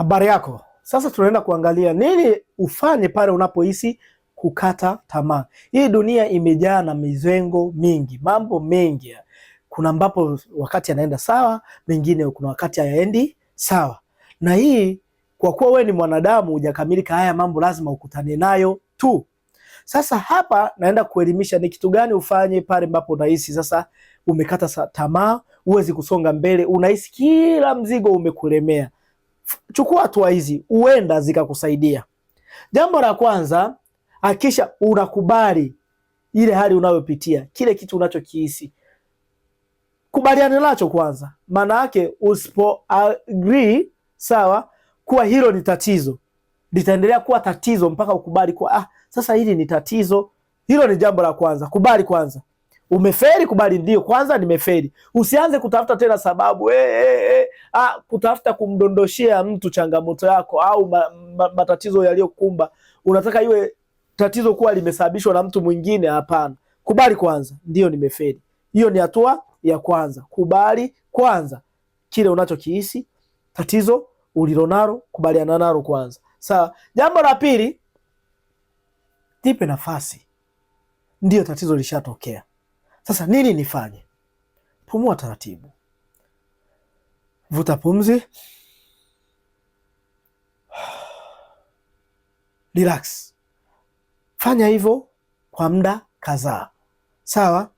Habari yako. Sasa tunaenda kuangalia nini ufanye pale unapohisi kukata tamaa. Hii dunia imejaa na mizengo mingi, mambo mengi. Kuna ambapo wakati anaenda sawa, mengine kuna wakati hayaendi sawa, na hii kwa kuwa wewe ni mwanadamu hujakamilika, haya mambo lazima ukutane nayo tu. Sasa hapa naenda kuelimisha ni kitu gani ufanye pale ambapo unahisi sasa umekata tamaa, huwezi kusonga mbele, unahisi kila mzigo umekulemea chukua hatua hizi, huenda zikakusaidia. Jambo la kwanza, akisha unakubali ile hali unayopitia, kile kitu unachokihisi, kubaliana nacho kwanza. Maana yake usipo agree sawa, kuwa hilo ni tatizo, litaendelea kuwa tatizo mpaka ukubali kuwa ah, sasa hili ni tatizo. Hilo ni jambo la kwanza, kubali kwanza. Umeferi, kubali ndio kwanza nimeferi. Usianze kutafuta tena sababu e, eh, e, eh, e, eh. a, ah, kutafuta kumdondoshea mtu changamoto yako au ma, ma, matatizo yaliyokumba. Unataka iwe tatizo kuwa limesababishwa na mtu mwingine? Hapana, kubali kwanza ndio nimeferi. Hiyo ni hatua ya kwanza. Kubali kwanza kile unachokihisi, tatizo ulilonalo, kubaliana nalo kwanza. Sawa. Jambo la pili, jipe nafasi, ndio tatizo lishatokea. Sasa nini nifanye? Pumua taratibu, vuta pumzi, relax. Fanya hivyo kwa muda kadhaa, sawa?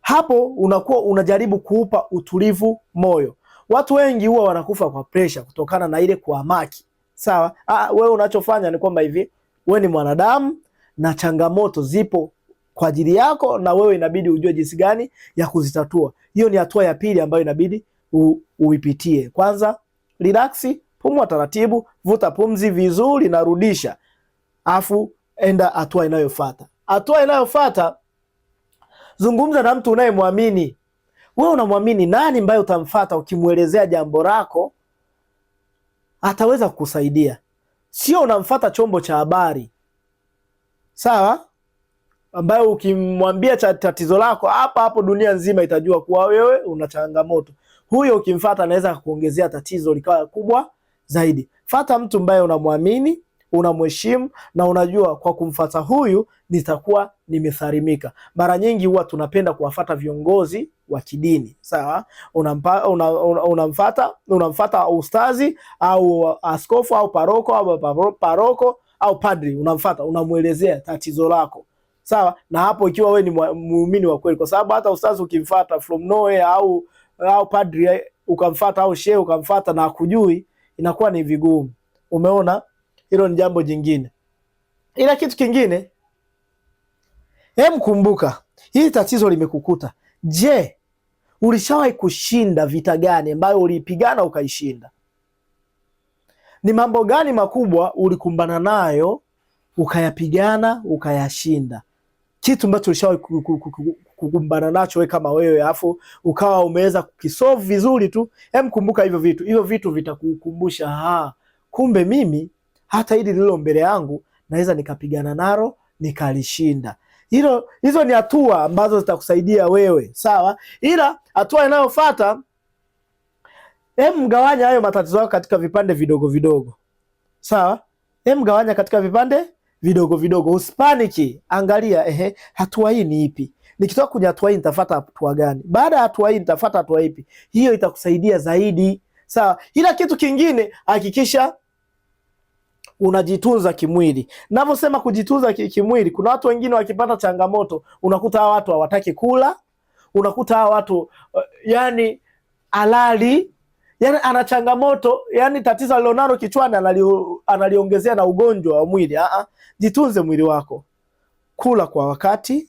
Hapo unakuwa unajaribu kuupa utulivu moyo. Watu wengi huwa wanakufa kwa presha kutokana na ile kuamaki, sawa? Ah, wewe unachofanya ni kwamba hivi, wewe ni mwanadamu na changamoto zipo kwa ajili yako, na wewe inabidi ujue jinsi gani ya kuzitatua. Hiyo ni hatua ya pili ambayo inabidi u, uipitie. Kwanza relax, pumua taratibu, vuta pumzi vizuri na rudisha, afu enda hatua inayofuata. Hatua inayofuata, zungumza na mtu unayemwamini wewe. Unamwamini nani ambaye utamfata? Ukimwelezea jambo lako ataweza kukusaidia, sio unamfata chombo cha habari. Sawa, ambayo ukimwambia tatizo lako hapa hapo, dunia nzima itajua kuwa wewe una changamoto. Huyo ukimfata anaweza kukuongezea tatizo likawa kubwa zaidi. Fata mtu ambaye unamwamini, unamheshimu na unajua kwa kumfata huyu nitakuwa nimetharimika. Mara nyingi huwa tunapenda kuwafata viongozi wa kidini sawa. Unamfata una, una, unamfata ustazi au askofu au paroko au paroko au padri, unamfata unamwelezea tatizo lako sawa, na hapo ikiwa we ni muumini wa kweli, kwa sababu hata ustazi ukimfuata from nowhere au au padri ukamfata au shehe ukamfata na akujui, inakuwa ni vigumu. Umeona, hilo ni jambo jingine. Ila kitu kingine, hem, kumbuka hili tatizo limekukuta. Je, ulishawahi kushinda vita gani ambayo uliipigana ukaishinda? Ni mambo gani makubwa ulikumbana nayo ukayapigana ukayashinda? kitu ambacho ulishawahi kugumbana nacho wewe kama wewe, afu ukawa umeweza kukisolve vizuri tu. Hem, kumbuka hivyo vitu, hivyo vitu vitakukumbusha ha, kumbe mimi hata hili lilo mbele yangu naweza nikapigana nalo nikalishinda. Hilo, hizo ni hatua ambazo zitakusaidia wewe sawa, ila hatua inayofuata hem, gawanya hayo matatizo yako katika vipande vidogo vidogo, sawa. Hem, gawanya katika vipande vidogo vidogo, usipaniki. Angalia, ehe, hatua hii ni ipi? Nikitoka kwenye hatua hii nitafata hatua gani? Baada ya hatua hii nitafata hatua ipi? Hiyo itakusaidia zaidi, sawa. Ila kitu kingine, hakikisha unajitunza kimwili. Navyosema kujitunza kimwili, kuna watu wengine wakipata changamoto, unakuta hawa watu hawataki kula, unakuta hawa watu eh, yani alali yani ana changamoto, yani tatizo alilonalo kichwani analiongezea na ugonjwa wa mwili. Aa, jitunze mwili wako, kula kwa wakati.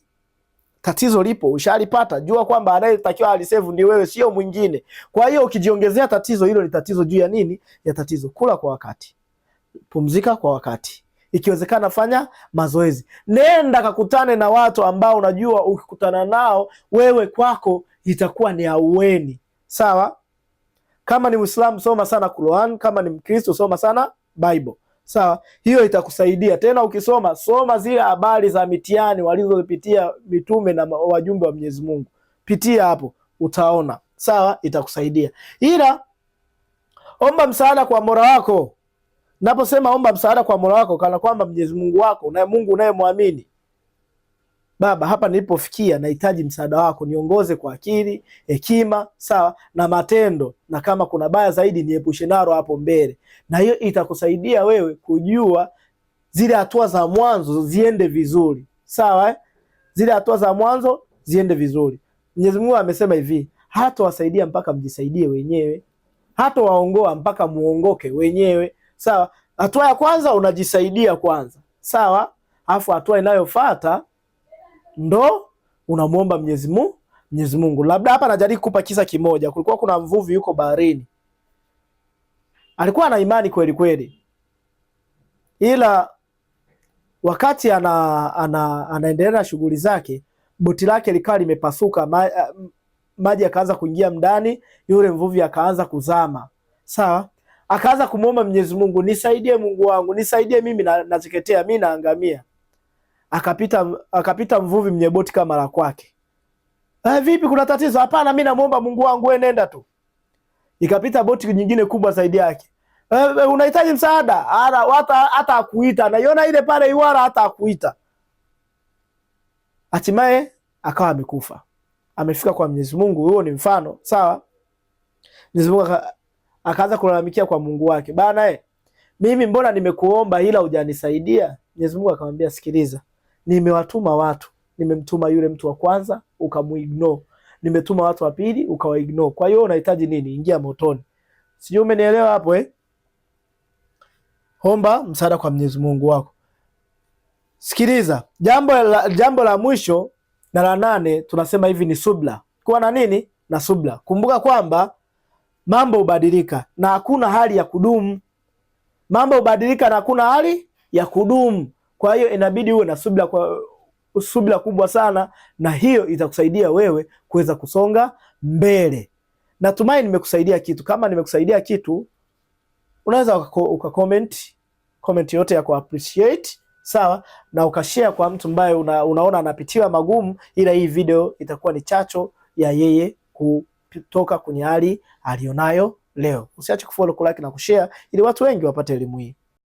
Tatizo lipo, ushalipata, jua kwamba anayetakiwa alisevu ni wewe, sio mwingine. Kwa hiyo ukijiongezea tatizo hilo, ni tatizo juu ya nini? Ya tatizo. Kula kwa wakati, pumzika kwa wakati, ikiwezekana fanya mazoezi, nenda kakutane na watu ambao unajua ukikutana nao wewe kwako itakuwa ni aueni. Sawa. Kama ni Muislamu soma sana Quran, kama ni Mkristo soma sana Bible. Sawa, hiyo itakusaidia tena. Ukisoma soma zile habari za mitihani walizopitia mitume na wajumbe wa Mwenyezi Mungu, pitia hapo utaona. Sawa, itakusaidia ila omba msaada kwa Mola wako. Naposema omba msaada kwa Mola wako, kana kwamba Mwenyezi Mungu wako na Mungu unayemwamini Baba, hapa nilipofikia nahitaji msaada wako, niongoze kwa akili, hekima, sawa na matendo, na kama kuna baya zaidi niepushe nalo hapo mbele. Na hiyo itakusaidia wewe kujua zile hatua za mwanzo ziende vizuri, sawa eh? Zile hatua za mwanzo ziende vizuri. Mwenyezi Mungu amesema hivi, hatawasaidia mpaka mjisaidie wenyewe, hatawaongoa mpaka muongoke wenyewe, sawa. Hatua ya kwanza unajisaidia kwanza, sawa, alafu hatua inayofuata ndo unamwomba Mwenyezi Mungu Mwenyezi Mungu. Labda hapa najaribu kukupa kisa kimoja. Kulikuwa kuna mvuvi yuko baharini, alikuwa na imani kweli kweli, ila wakati ana, ana, anaendelea na shughuli zake, boti lake likawa limepasuka, ma, eh, maji akaanza kuingia mdani yule mvuvi akaanza kuzama. Sawa, akaanza kumwomba Mwenyezi Mungu, nisaidie Mungu wangu, nisaidie mimi na, nateketea, mimi naangamia akapita akapita mvuvi mwenye boti kama la kwake. Eh, vipi kuna tatizo? Hapana, mimi namuomba Mungu wangu wewe nenda tu. Ikapita boti nyingine kubwa zaidi yake. Eh, eh unahitaji msaada? Ara, hata hata akuita. Naiona ile pale iwara hata akuita. Hatimaye akawa amekufa. Amefika kwa Mwenyezi Mungu, huo ni mfano, sawa? Mwenyezi Mungu akaanza kulalamikia kwa Mungu wake. Bana eh, mimi mbona nimekuomba ila hujanisaidia? Mwenyezi Mungu akamwambia sikiliza, nimewatuma watu, nimemtuma yule mtu wa kwanza ukamuignore, nimetuma watu wa pili ukawaignore. Kwa hiyo unahitaji nini? Ingia motoni. Sijui umenielewa hapo eh? Omba msaada kwa Mwenyezi Mungu wako. Sikiliza, jambo la, jambo la mwisho na la nane tunasema hivi ni subla. Kuwa na nini? Na subla. Kumbuka kwamba mambo hubadilika na hakuna hali ya kudumu. Mambo hubadilika na hakuna hali ya kudumu. Kwa hiyo inabidi uwe na subira kwa subira kubwa sana, na hiyo itakusaidia wewe kuweza kusonga mbele. Natumai nimekusaidia kitu. Kama nimekusaidia kitu, unaweza uka comment yote ya ku appreciate sawa, na ukashare kwa mtu ambaye una, unaona anapitiwa magumu, ila hii video itakuwa ni chacho ya yeye kutoka kwenye hali aliyonayo leo. Usiache kufollow, kulike na kushare ili watu wengi wapate elimu hii.